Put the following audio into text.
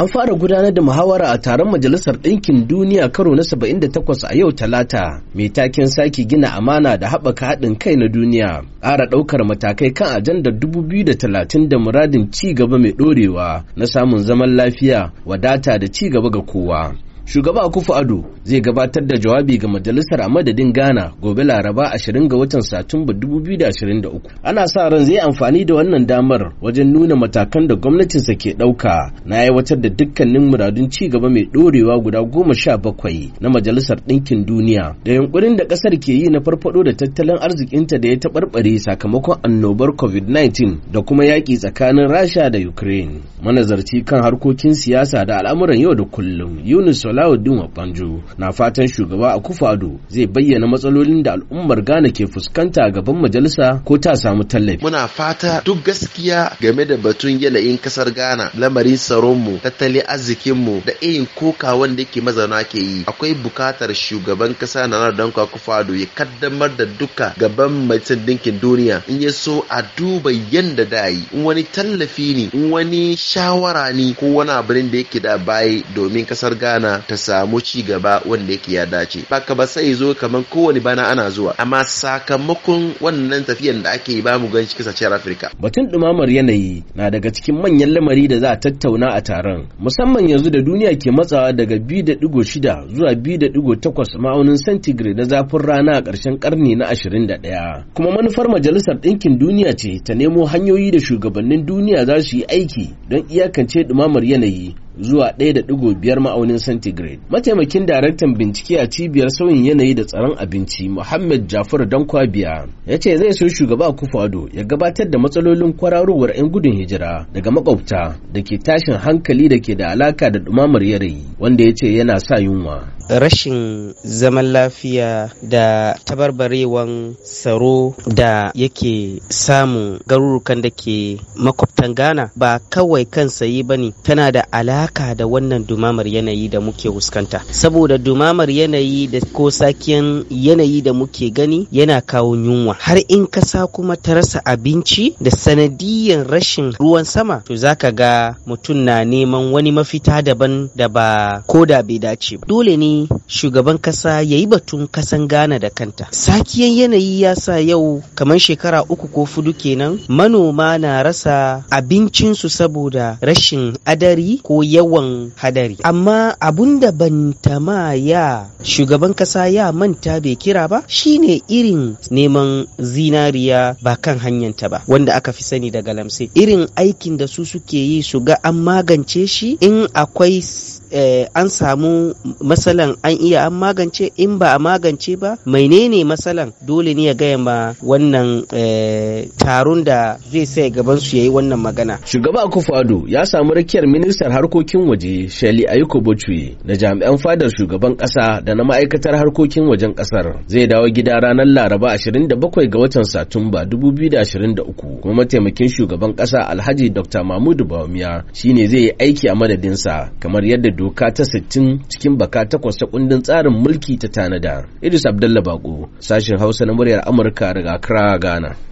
an fara gudanar da muhawara a taron majalisar ɗinkin duniya karo na 78 a yau talata mai taken sake gina amana da haɓaka haɗin kai na duniya ƙara ɗaukar matakai kan ajandar 2030 da muradin ci gaba mai ɗorewa na samun zaman lafiya wadata da ci gaba ga kowa shugaba akufu ado zai gabatar da jawabi ga majalisar a madadin ghana gobe laraba 20 ga watan satumba 2023 ana sa ran zai amfani da wannan damar wajen nuna matakan da gwamnatinsa ke ɗauka na aiwatar da dukkanin muradun ci gaba mai ɗorewa guda goma sha bakwai na majalisar ɗinkin duniya da yunkurin da ƙasar ke yi na farfado da tattalin arzikinta da ya taɓarɓare sakamakon annobar covid-19 da kuma yaƙi tsakanin rasha da ukraine manazarci kan harkokin siyasa da al'amuran yau da kullum yunus Alauddin Wabanjo na fatan shugaba a Kufado zai bayyana matsalolin da al'ummar Ghana ke fuskanta gaban majalisa ko ta samu tallafi. Muna fata duk gaskiya game da batun yanayin kasar Ghana, lamarin tsaronmu, tattalin arzikinmu da irin koka wanda yake mazauna ke yi. Akwai bukatar shugaban kasa na Danko Akufo ya kaddamar da duka gaban majalisar dinkin duniya in ya so a duba yanda da yi in wani tallafi ne in wani shawara ne ko wani abin da yake da bayi domin kasar Ghana ta samu ci gaba wanda yake ya dace baka ba sai zo kamar kowane bana ana zuwa amma sakamakon wannan tafiyan da ake ba mu gan shi Afirka batun dumamar yanayi na daga cikin manyan lamari da za a tattauna a taron musamman yanzu da duniya ke matsawa daga 2.6 zuwa 2.8 ma'aunin centigrade na zafin rana a ƙarshen karni na 21 kuma manufar majalisar ɗinkin duniya ce ta nemo hanyoyi da shugabannin duniya za su yi aiki don iyakance dumamar yanayi zuwa 1.5 ma'aunin centigrade. Mataimakin daraktan bincike a cibiyar sauyin yanayi da tsaron abinci Muhammad Jafar Dankwabiya ya ce zai so shugaba Kufado ya gabatar da matsalolin kwararowar 'yan gudun hijira daga makwabta da ke tashin hankali da ke da alaka da dumamar yanayi wanda ya ce yana sa yunwa. Rashin zaman lafiya da tabarbarewan tsaro da yake samun garurukan da ke makwabtan Ghana ba kawai kan sayi ne, tana da alaka saka da wannan dumamar yanayi da muke huskanta saboda dumamar yanayi da ko sakiyan yanayi da muke gani yana kawo yunwa har in kasa kuma ta rasa abinci da sanadiyan rashin ruwan sama to zaka ga mutum na neman wani mafita daban da ba ko da bai dace ba dole ne shugaban kasa ya yi batun kasan Ghana da kanta. Sakiyan yanayi ya sa yau kamar shekara uku ko fudu kenan manoma na rasa abincinsu saboda rashin adari ko yawan hadari. Amma abun da ban tama ya shugaban kasa ya manta bai kira ba shine irin neman zinariya ba kan hanyanta ba wanda aka fi sani da galamse. Irin aikin da su suke yi su ga an magance shi in akwai eh, an samu matsalan an iya an magance in ba a magance ba menene matsalan dole ne ya gaya ma wannan eh, taron da zai sai gaban su yi wannan magana shugaba akufado ya samu rakiyar ministan harkokin waje shali ayuko bocui da jami'an fadar shugaban kasa da na ma'aikatar harkokin wajen kasar zai dawo gida ranar laraba 27 ga watan satumba 2023 kuma mataimakin shugaban kasa alhaji dr mahmudu bawumiya shine zai yi aiki a madadinsa kamar yadda doka ta 60 cikin baka takwas ta kundin tsarin mulki ta tanada. Idris Abdullah Bako, sashin Hausa na muryar Amurka daga Accra, Ghana.